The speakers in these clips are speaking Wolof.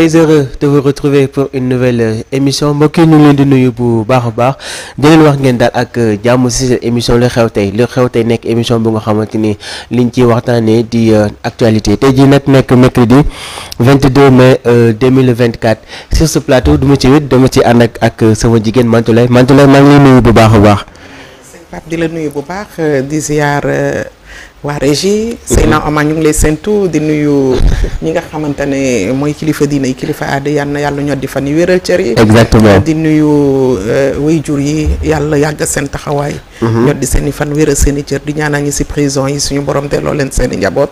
très heureux de vous retrouver pour une nouvelle euh, émission mbokk yi leen di nuyu bu baax baax di leen wax ngeen daal ak euh, jàmm ci seen émission lu xew tey lu xew tey nekk émission bu nga xamante ni liñ ci waxtaanee di euh, actualité tey jii nag nekk mercredi 22 mai 2024 sur ce plateau du ma ci wét dama ci ànd ak sama jigéen Mantoulaye Mantoulaye maa ngi lay nuyu bu baax a baax. waa régie Seyna mhm. Omar ñu ngi lay séntu di nuyu ñi nga xamante ne mooy kilifa diine yi kilifa aada yal na yàlla ñoo di fan yi wéral cër yi exactement di nuyu euh, way jur yi yàlla yàgg seen taxawaay Mhm. ñot di seen i fan wér a seen i cër di ñaanal ñi si prison yi suñu borom delloo leen seen i njaboot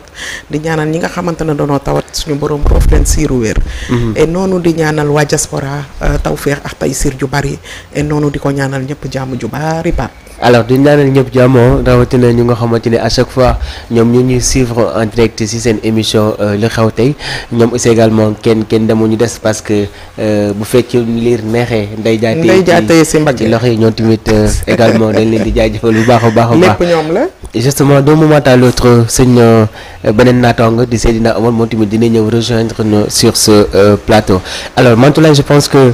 di ñaanal ñi nga xamante ne danoo tawat suñu borom roof leen siiru wér mhm. et noonu di ñaanal waa diaspora euh, tawféex ak taysiir ju bari et di ko ñaanal ñëpp jàmm ju bari ba alors di ñaanal ñëpp jàmmoo rawatina ñu nga xamante ne à chaque fois ñoom ñu ñuy suivre en direct ci seen émission euh, li xew tey ñoom aussi également kenn kenn ñu des parce que euh, bu fekkee liir neexee nday jaatee ci loxo yi ñoom tamit également jaajëfal bu baax a baax a baax lépp ñoom la. a d'un moment à l'autre sëñ euh, beneen naataango di Seydina Omar moom tamit dina ñëw rejoindre nous sur ce euh, plateau alors Mantoulaye je pense que.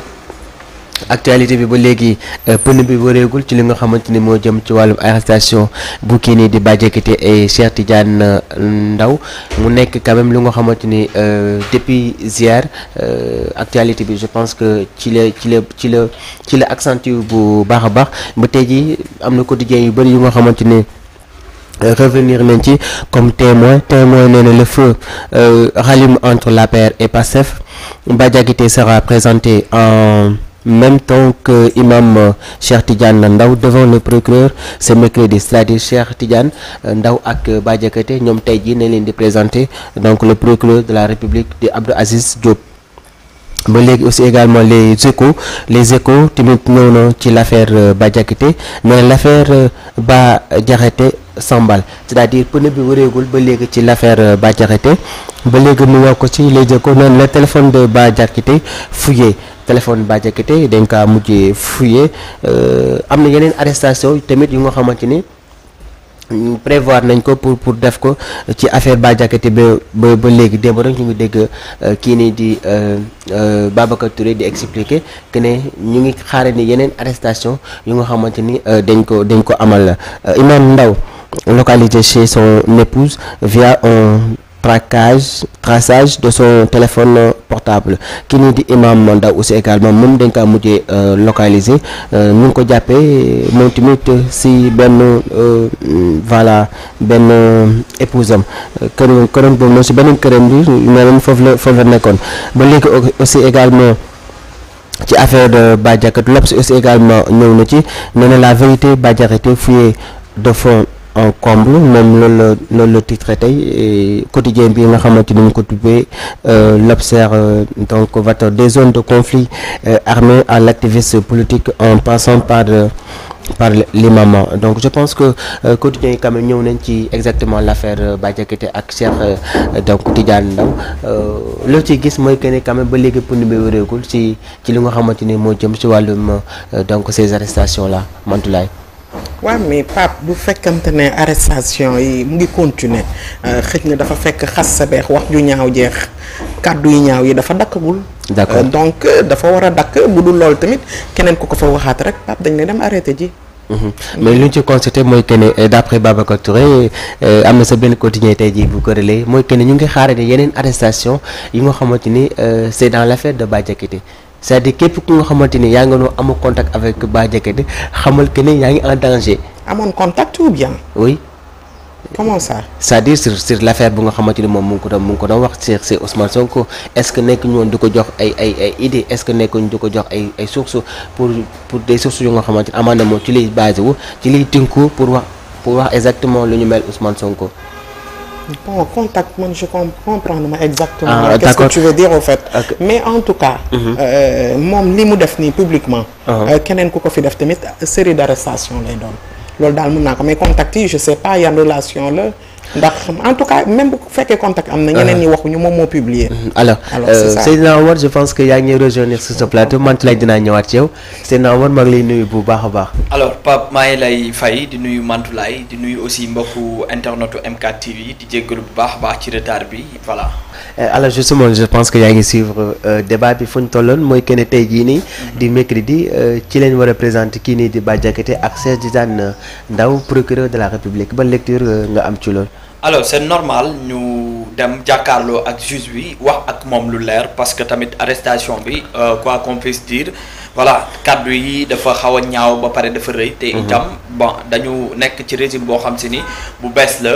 actualité bi ba léegi euh, pënd bi wëreegul ci li nga xamante ni moo jëm ci wàllum arrestation bu kii nii di Bah Diakhaté et Cheikh Tidiane euh, Ndao mu nekk quand lu nga xamante ni euh, depuis ziar actualité bi je pense que ci la ci la ci la ci la accentue bu baax a baax ba tey jii am na quotidien yu bëri yu nga xamante ni revenir nañ ci comme témoin témoin nee na le feu rallume entre l'APR et PASTEF Bah Diakhaté sera présenté en même temps que imam euh, Cheikh Tidiane Ndaw devant le procureur ce mercredi c'est-à-dire Cheikh Tidiane euh, Ndaw ak euh, Bah ñoom tey jii nañ leen di présenter donc le procureur de la République di Abdou Aziz Diop ba léegi aussi également les échos les échos tamit ñëw ci l'affaire Bah Diakhaté mais l'affaire Bah Diakhaté s'emballe c'est-à-dire pneu bi wareegul ba léegi ci l'affaire Bah ba léegi mu wax ko ci les échos naan le téléphone de Bah Diakhaté téléphone Bah Diakhaté dañ kaa mujjee fouillé euh, am na yeneen arrestation tamit yu nga xamante ni prévoir nañ ko pour pour def ko ci affaire Bah Diakhaté ba ba ba léegi démb rek ñu ngi dégg euh, kii nii di euh, Babacar Touré di expliquer que ne ñu ngi xaare ni yeneen arrestation yu nga xamante ni dañ ko dañ ko amal la Imam Ndaw localisé chez son épouse via traçage traçage de son téléphone portable ki nii di imam Ndaw aussi également moom dañ kaa mujjee euh, localiser euh, ñu ko jàppee moom tamit si benn euh, voilà benn épousam kër këram boobu noonu si beneen këram bi nee foofu la nekkoon ba léegi aussi également ci affaire de Bah Diakhaté L'Obs aussi également ñëw na ci nee la vérité Bah Diakhaté fuyé de fond en comble moom loolu la loolu la titre tey quotidien bi nga xamante ni ñu ko tuddee euh, l'Observateur euh, donc va des zones de conflit euh, armées à l'activiste politique en passant par par les mamans donc je pense que quotidien yi quand ñëw nañ ci exactement l'affaire Badiakité ak Cheikh donc Tidiane Ndao loo ci gis mooy que ne quand ba léegi pënd bi wéreegul ci ci li nga xamante ni moo jëm ci wàllum donc ces arrestations là Mantoulaye waaw mais Pape bu fekkante ne arrestation yi mu ngi continuer euh, xëj na dafa fekk xas sa beex wax ju ñaaw jeex kàddu yu ñaaw yi dafa dakkagul. d'accord euh, donc euh, dafa war a dakk bu dul loolu tamit keneen ku ko fa waxaat rek Pape dañ lay dem arrêté ji. Mhm. mais lu ñu mooy que ne d'après Babacar am na sa benn quotidien tey jii bu ko relayé mooy que ne ñu ngi xaarandi yeneen arrestation yi nga xamante ni c'est dans l'affaire de Bah Diakhaté c'est-à-dire képp ku nga xamante ni yaa nga noo amoon contact avec Bah Diakhaté xamal que ne yaa ngi en danger. amoon contact ou bien. oui. comment ça. c'est-à-dire sur sur bu nga xamante ni moom mu ko doon ko wax ci ci Ousmane Sonko est-ce que nekk ñu du ko jox ay ay ay idées est-ce que nekk ñu di ko jox ay ay sources pour pour des sources yu nga xamante ni na moom ci lay basé wu ci lay tënku pour wax pour wax exactement lu ñu mel Ousmane Sonko. bon contact man je comprendre ma exactement. ah qu'est-ce que dire au fait. Okay. mais en tout cas. Mhm. Euh, moom li mu def nii publiquement. Ah. Euh, keneen ku ko fi def tamit série d'arrestation lay doon. loolu daal mën naa ko mais contact yi je sais pas yan relation la. ndax en tout cas même bu fekkee contact am na. ñeneen ñi ah. waxuñu moom moo publier. Mm-hmm. alors euh, Seydina Omar je pense que yaa ngi rejoindre sur ce plateau man lay dinaa ñëwaat ci yow Seydina Omar maa ngi lay nuyu bu baax a baax. alors Pape maa ngi lay fay di nuyu Mantoulaye di nuyu aussi mbokku internetu M4 di jéggalu bu baax a baax ci retard bi voilà. Euh, alors justement je pense que yaa ngi suivre euh, débat bi fu tolloon mooy que ne tey jii nii. Mm-hmm. di mercredi ci leen war a présenter kii nii di Bah Diakhaté ak Cheikh Tidiane Ndao procureur de la République ban lecture nga am ci alors c'est normal ñu dem jàkkaarloo ak juge bi wax ak moom lu leer parce que tamit arrestation bi euh, quoi qu'on puisse dire voilà kàddu yi dafa xaw a ñaaw ba pare dafa rëy. te mhm. itam bon dañu nekk ci régime boo xam si ni bu bees la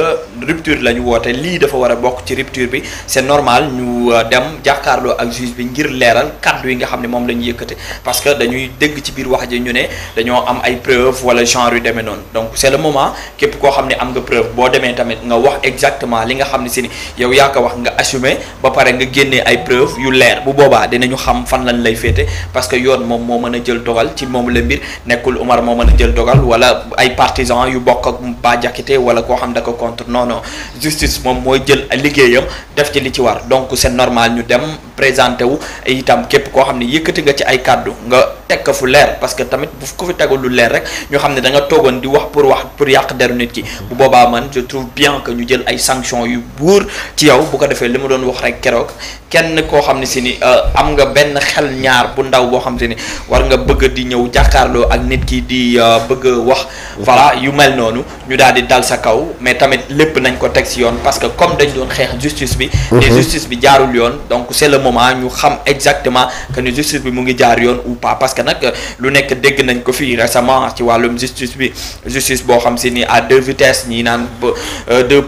rupture la ñu woote lii dafa war a bokk ci rupture bi c'est normal ñu euh, dem jàkkaarloo ak juge bi ngir leeral kàddu yi nga xam ne moom la ñu yëkkate parce que dañuy dégg ci biir wax ji ñu ne dañoo am ay preuves wala genre yu demee noonu donc wax exactement li nga xam ne si ni yow yaa ko wax nga assumer ba pare nga génnee ay preuve yu leer bu boobaa dinañu xam fan lañ lay féete parce que yoon moom moo mën a jël dogal ci moom la mbir nekkul Umar moo mën a jël dogal wala ay partisans yu bokk ak Bah wala koo xam da ko contre non non justice moom mooy jël liggéeyam def ci li ci war donc seen normal ñu dem présenté wu itam képp koo xam ne yëkkati nga ci ay kàddu nga teg ko fu leer parce que tamit bu ko fi tegul lu leer rek ñu xam ne danga nga toogoon di wax pour wax pour yàq deru nit ki bu boobaa man je trouve bien que ñu jël ay sanctions yu buur ci yow bu ko defee li ma doon wax rek keroog kenn koo xam ne si ni euh, am nga benn xel ñaar bu ndaw boo xam si ni war nga bëgg di ñëw jàkkaarloo ak nit ki di euh, bëgg wax voilà yu mel noonu ñu daal di dal sa kaw mais tamit lépp nañ ko teg si yoon parce que comme dañ doon xeex justice bi te mhm. justice yoon moment euh, ko fii récemment ci wàllum justice bi justice boo xam si ni à deux vitesses ñi naan euh,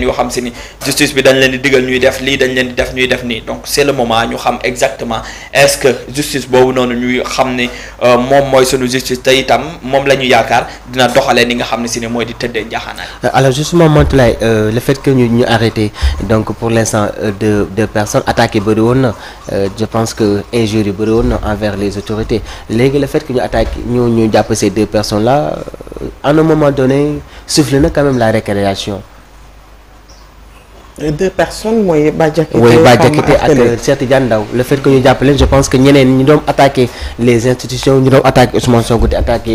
yoo xam si ni justice dañ leen di digal ñuy def lii dañ leen di def ñuy def nii donc c'est le moment ñu xam exactement est-ce que justice boobu noonu ñuy xam ni euh, moom mooy sunu justice te itam moom la ñu yaakaar dina doxalee ni nga xam ne si ne mooy di tëddee njaaxaanaay. alors justement Mantoulaye le fait que ñu ñu donc pour l'instant de de personnes attaques yi bëri woon na euh, je pense que injures yi bëri woon na envers les autorités léegi la fait que ñu attaque ñu ñu jàpp ces deux personnes là à euh, un moment donné souffle na quand même la récréation. Euh, deux personnes mooy Bah Diakhaté oui Bah Diakhaté ak Cheikh Tidiane Ndao le fait ñu jàpp leen je pense que ñeneen ñu doon attaqué les institutions ñu doon attaqué Ousmane Sonko di attaqué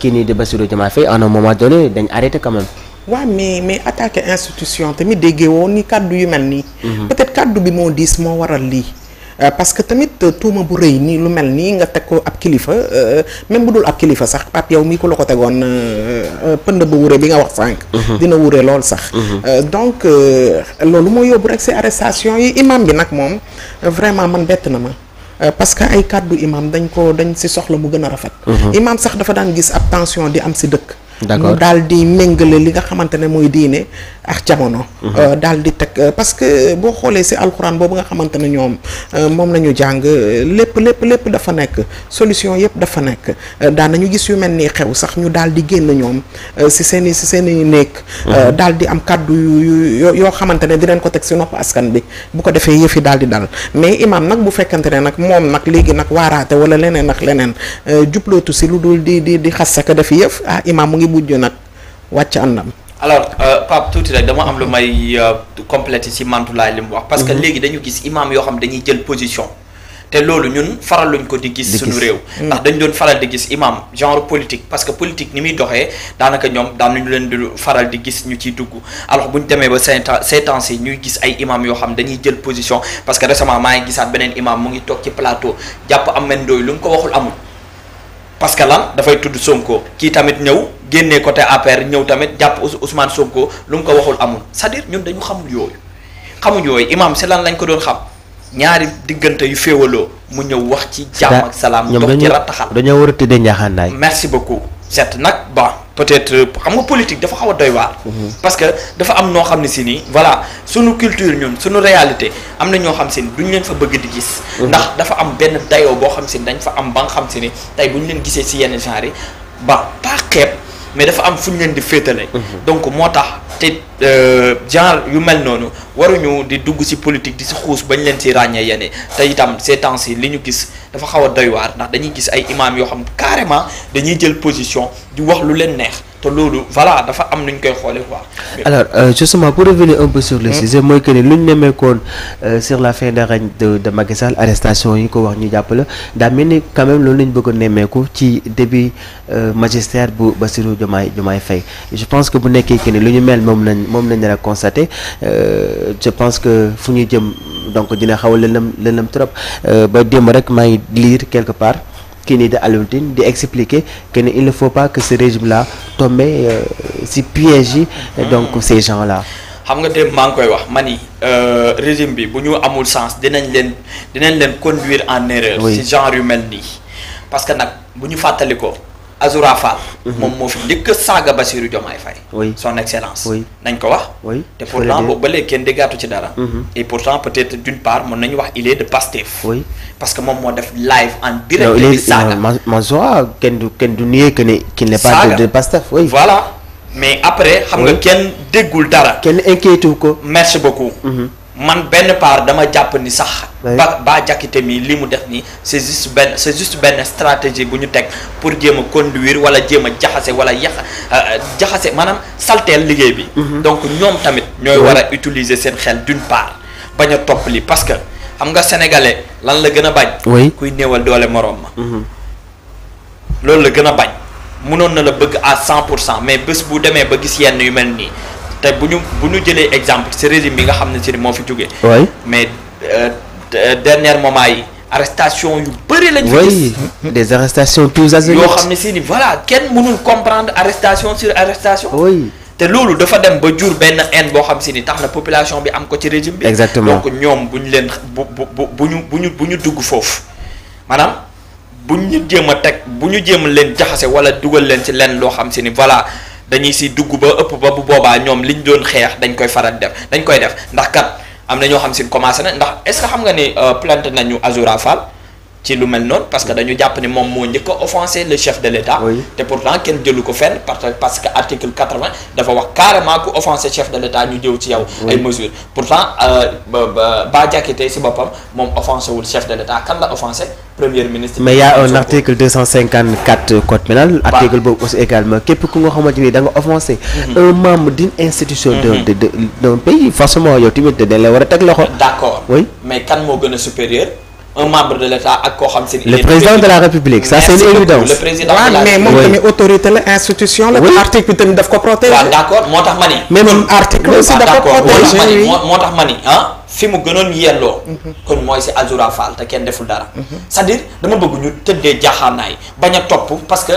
kii nii di Bassirou Diomaye Faye à un moment donné dañ arrêté quand même. waaw mais mais attaqué institution tamit déggee woon ni kàddu yu mel nii. Mhm. peut kàddu bi moo diis moo waral lii. Euh, parce que tamit euh, tuuma bu rëy nii lu mel nii nga teg ko ab kilifa euh, même bu dul ab kilifa sax Pape yow mii ko la ko tegoon pënd ba wure bi nga wax sànq. Mhm. dina wure lool sax. Mhm. donc loolu moo yóbbu rek si arrestation yi imam bi nag moom vraiment man bett na ma. parce que ay kàddu imam dañ ko dañ si soxla mu gën a rafet. imam sax dafa daan gis ab tension di am si dëkk. d'accord mu daal di méngale li nga xamante ne mooy diine ak jamono. Mhm. Euh, daal di teg euh, parce que boo xoolee si alxuraan boobu nga xamante ne ñoom euh, moom la ñu jàng lépp lépp lépp dafa nekk solution yëpp dafa nekk daan nañu gis yu mel ni xew sax ñu daal di génn ñoom si seen i si seen i nekk. Mhm. daal di am kàddu yu yoo xamante ne dinañ ko teg si nopp askan bi bu ko defee yëf yi daal di dal mais imaam nag bu fekkante ne nag moom nag léegi nag waaraate wala leneen ak leneen jublootu si lu dul di di di xas sa ko def yëf ah imaam mu ngi bujj nag wàcc àndam. alors euh, Pape tuuti rek dama am lu may euh, complété ci Mantoulaye li mu wax. parce que mhm. léegi dañu gis imam yoo xam dañuy jël position. te loolu ñun faral luñ ko di gis suñu réew mm. ndax dañ doon faral di gis imaam genre politique parce que politique ni muy doxee daanaka ñoom daan nañu leen di faral di gis ñu ciy dugg alors bu ñu demee ba cinq ans sept yi ñuy gis ay imam yoo xam dañuy jël position parce que récemment maa ngi gisaat beneen imam mu ngi toog ci plateau jàpp am men dooyu lu mu ko waxul amul parce que lan dafay tudd Sonko kii tamit ñëw génnee côté APR ñëw tamit jàpp Ousmane Sonko lu mu ko waxul amul c'est-à-dire ñun dañu xamul yooyu xamuñ yooyu imam si lañ ko doon xam ñaari diggante yu féewaloo mu ñëw wax ci jàmm ak salaam dox ci rattaxal dañoo war a tëddee njaaxaanaay merci beaucoup certes nag ba peut-être xam nga politique dafa xaw a doy waar mhm. parce que dafa am noo xam ne si nii voilà suñu culture ñun suñu réalité am na ñoo xam si ni duñ leen fa bëgg di gis mhm. ndax dafa am benn dayoo boo xam si ni dañ fa am ba nga xam si ni tey bu leen gisee si yenn genre ba pas mais dafa am fu ñu leen di féetale mhm. donc moo tax te Euh, genre yu mel noonu waruñu di dugg ci politique di ci xuus bañ leen ci ràññee yene te itam ces yi li ñu gis dafa xaw a doy waar ndax dañuy gis ay imaam yoo xam carrément dañuy jël position di wax lu leen neex te loolu voilà dafa am nuñ koy xoolee quoi. alors euh, justement pour revenir un peu sur le hmm? sujet mooy que lu ñu nemmeekoon euh, sur la fin de règne de de Macky Sall arrestation yi ko wax ñu jàppale la daa mel ni quand même loolu lañ bëgg a nemmeeku ci début euh, magistère bu Bassirou Diomaye Diomaye Faye je pense que bu nekkee que ni lu ñu moom lañ leen a constaté euh, je pense que fu ñu jëm donc dina xaw a lëndëm lëndëm trop euh, ba démb rek maa ngi lire quelque part kii nii di Alioune di expliquer que ne il ne faut pas que ce régime là tombe euh, si piège yi donc ces gens là. xam nga démb maa ngi koy wax ma ni régime bi bu ñu amul sens dinañ leen dinañ leen conduire en erreur. ci genre yu mel nii parce que nag bu ñu fàttali ko Azoura Fall. moom moo fi njëkk a saaga Bassirou Diomaye Faye. oui son excellence. oui nañ ko wax. oui te pourtant boobu ba léegi kenn déggaatu ci dara. Mhm. et pourtant peut-être d'une part mën nañu wax il est de Pastef. oui parce que moom moo def live en direct. di saaga non Mansoura kenn du kenn du nier que ne. de Pastef oui. voilà mais après. xam nga kenn déggul dara. kenn inquiété ko. merci beaucoup. Mhm. man benn part dama jàpp ni sax. ba ba jàkkite mi li mu def nii c'est juste benn benn stratégie bu ñu teg pour jéem a conduire wala jéem a jaxase wala yax euh, jaxase maanaam salteel liggéey bi. Mhm. donc ñoom tamit. ñooy war a utiliser seen xel d'une part bañ a topp lii parce que xam nga sénégalais lan la gën a bañ. oui kuy néewal doole moroom ma. Mhm. loolu la gën a bañ. munoon na la bëgg à cent pour cent mais bés bu demee ba gis yenn yu mel nii. te bu ñu bu ñu jëlee exemple ci régime bi nga xam ne si moo fi jógee. mais euh, euh, dernier moment yi. arrestation yu bëri lañu fi des arrestations tous azimuts yoo xam ne si ni voilà kenn mënul comprendre arrestation sur arrestation oui te loolu dafa dem ba jur benn haine boo xam si ni tax na population bi am ko ci régime bi exactement donc ñoom bu ñu leen bu bu bu ñu bu ñu bu ñu dugg foofu maanaam bu ñu jéem a teg bu ñu jéem leen jaxase wala dugal leen ci lenn loo xam si ni voilà dañuy si dugg ba ëpp ba bu boobaa ñoom li ñu doon xeex dañ koy faral def dañ koy def ndax kat am na ñoo xam si commencé na ndax est-ce que xam nga ni euh, plante nañu Azoura Fall ci lu mel noonu parce que dañu jàpp ne moom moo njëkk a offensé le chef de l' état. te pourtant kenn jëlu ko fenn parce que article quatre vingt dafa wax carrément ku offensé chef de l' état ñu jëw ci yow. ay mesures pourtant euh, ba ba Diakité si boppam moom offensé wul chef de l' état kan la offensé premier ministre. mais y' a un deux cent cinquante quatre code pénal. article boobu aussi également képp ku nga xamante ni da nga offensé. Mhm. un membre mhm. d' un membre de l'État ak koo xam seen. le président de la République ça c'est une évidence le président de mais moom tamit autorité la institution la. article bi tamit daf ko protéger. waaw d'accord moo tax ma ni. mais moom article aussi daf ko moo tax ma ni ah fi mu gënoon yelloo. Mhm. kon mooy si Azoura Fall kenn deful dara. Mhm. c'est-à-dire dama bëgg ñu tëddee jaaxaanaay bañ a topp parce que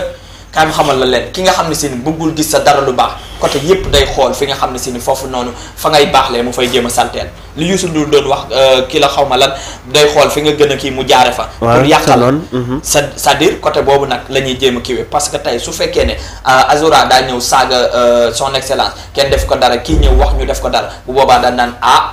kaay ma xamal la leen ki nga xam ne si bëggul gis sa dara lu baax. côté yépp day xool fi nga xam ne si ni foofu noonu fa ngay leen mu fay jéem a salteel li Youssou Ndour doon wax euh, kii la xaw ma lan day xool fi nga gën a kii mu jaare fa pour yàqal mhm. sa cest à côté boobu nag la ñuy jéem a kiiwee parce que tey su fekkee ne euh, Azura daa ñëw saaga euh, son excellence kenn def ko dara kii ñëw wax ñu def ko dara bu boobaa daan naan ah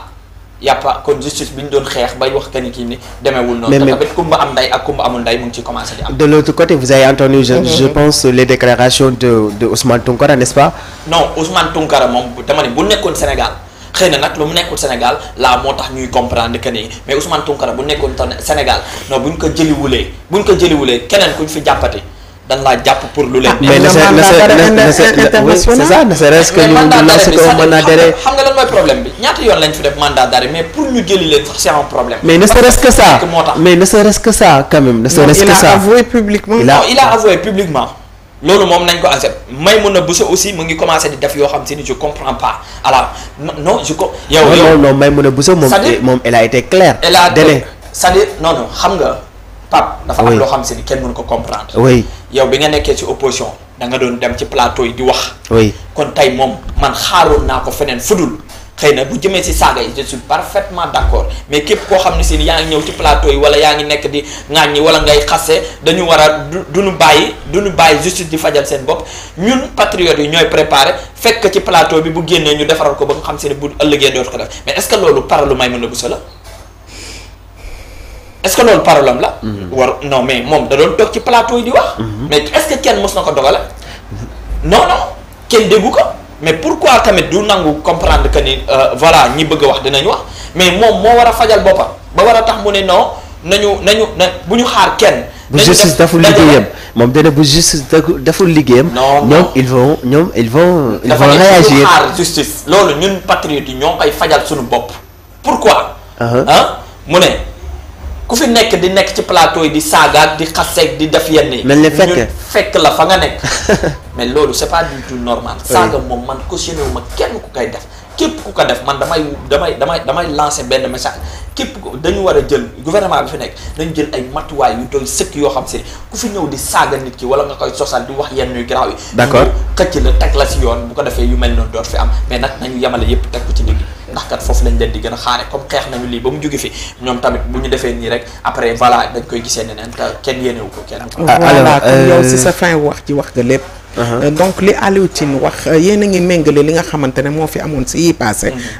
yàppa kon justice bi ñu doon xeex bay wax que ni kii ni demeewul noonu. mais tamit kumba am nday ak kumba amul nday mu ngi ci commencé di am. de l'autre côté vous avez entendu je, je pense les déclarations de de Ousmane Tounkara ce pas. non Ousmane Tounkara moom dama ne bu nekkoon Sénégal. xëy na nag lu mu nekkul Sénégal laa moo tax ñuy comprendre que ni mais Ousmane Tounkara bu nekkoon Sénégal non buñ ko jëliwulee buñ ko jëliwulee keneen kuñ fi jàppati dañ laa jàpp pour lu leen. Ah, mais ne se ne se c'est ça ne serait-ce que ñu lancer ko mandat d'arrêt xam nga lan mooy problème bi ñaata yoon lañ fi def mandat d'arrêt mais pour ñu jëli leen sax c'est un problème. mais ne serait-ce que ça mais ne serait-ce que ça quand même. ne serait-ce que ça il a avoué publiquement. il a non il a avoué publiquement. loolu moom nañ ko accepté Maïmouna Bousso aussi mu ngi commencé di def yoo xam si ni je comprends pas alors non je ko. yow yow non non Maïmouna Bousso moom. moom elle a été claire. elle a c'est-à-dire non non xam nga Pape. dafa am loo xam si ni kenn mënu ko comprendre. oui. yow bi nga nekkee si opposition danga doon dem ci plateau yi di wax. oui kon tey moom man xaaroon naa ko feneen fudul xëy na bu jëmee si saaga yi je suis parfaitement d' accord mais képp koo xam ne si yaa ngi ñëw ci plateau yi wala yaa ngi nekk di ŋàññi wala ngay xase dañu war a du du ñu bàyyi du ñu bàyyi justice di fajal seen bopp ñun patriotes yi ñooy préparé fekk ci plateau bi bu génnee ñu defaral ko ba nga xam si ne bu ëllëgee dootu ko def mais la. est-ce que loolu problème la. Mhm. war non mais moom da doon toog ci plateau yi di wax. Mhm. mais est que kenn mës na ko dogale. non non kenn déggu ko mais pourquoi tamit du nangu comprendre que ni euh, voilà ñi bëgg a wax dinañ wax mais moom moo war a fajal boppa ba war a tax mu ne non nañu nañu na bu ñu xaar kenn. bu justice daful liggéeyam moom dana bu justice daful liggéeyam. non no ils vont ñoom ils vont. ils vont réagir xaar loolu ñun patriotes yi ñoo koy fajal suñu bopp pourquoi. Uh-huh. mu ne. ku fi nekk di nekk ci plateau yi di saagaat di xaseeg di def yenn yi. mel ni fekk fekk la fa nga nekk. mais loolu c'est pas du tout normal. saaga moom man cautionné wu ma kenn ku koy def. képp ku ko def man damay damay damay damay lancer benn message képp ku dañu war a jël gouvernement bi fi nekk dañu jël ay matuwaay yu doy sëkk yoo xam si ku fi ñëw di saaga nit ki wala nga koy sosal di wax yenn yu garaaw yi. d'accord xëcc la teg la si yoon bu ko defee yu mel noonu dootu fi am mais nag nañu yemale yépp teg ko ci liggéey. ndax kat foofu lañ leen di gën a xaare comme xeex nañu lii ba mu jóge fi ñoom tamit bu ñu defee nii rek après voilà dañ koy gisee neneen te kenn yéenewu ko kenn ah, voilà comme yow si euh, sa fin wax ji wax nga lépp uh-huh. euh, donc li Alioune Tine wax euh, yéen a ngi méngale li nga xamante ne moo fi amoon si yi passé mm-hmm.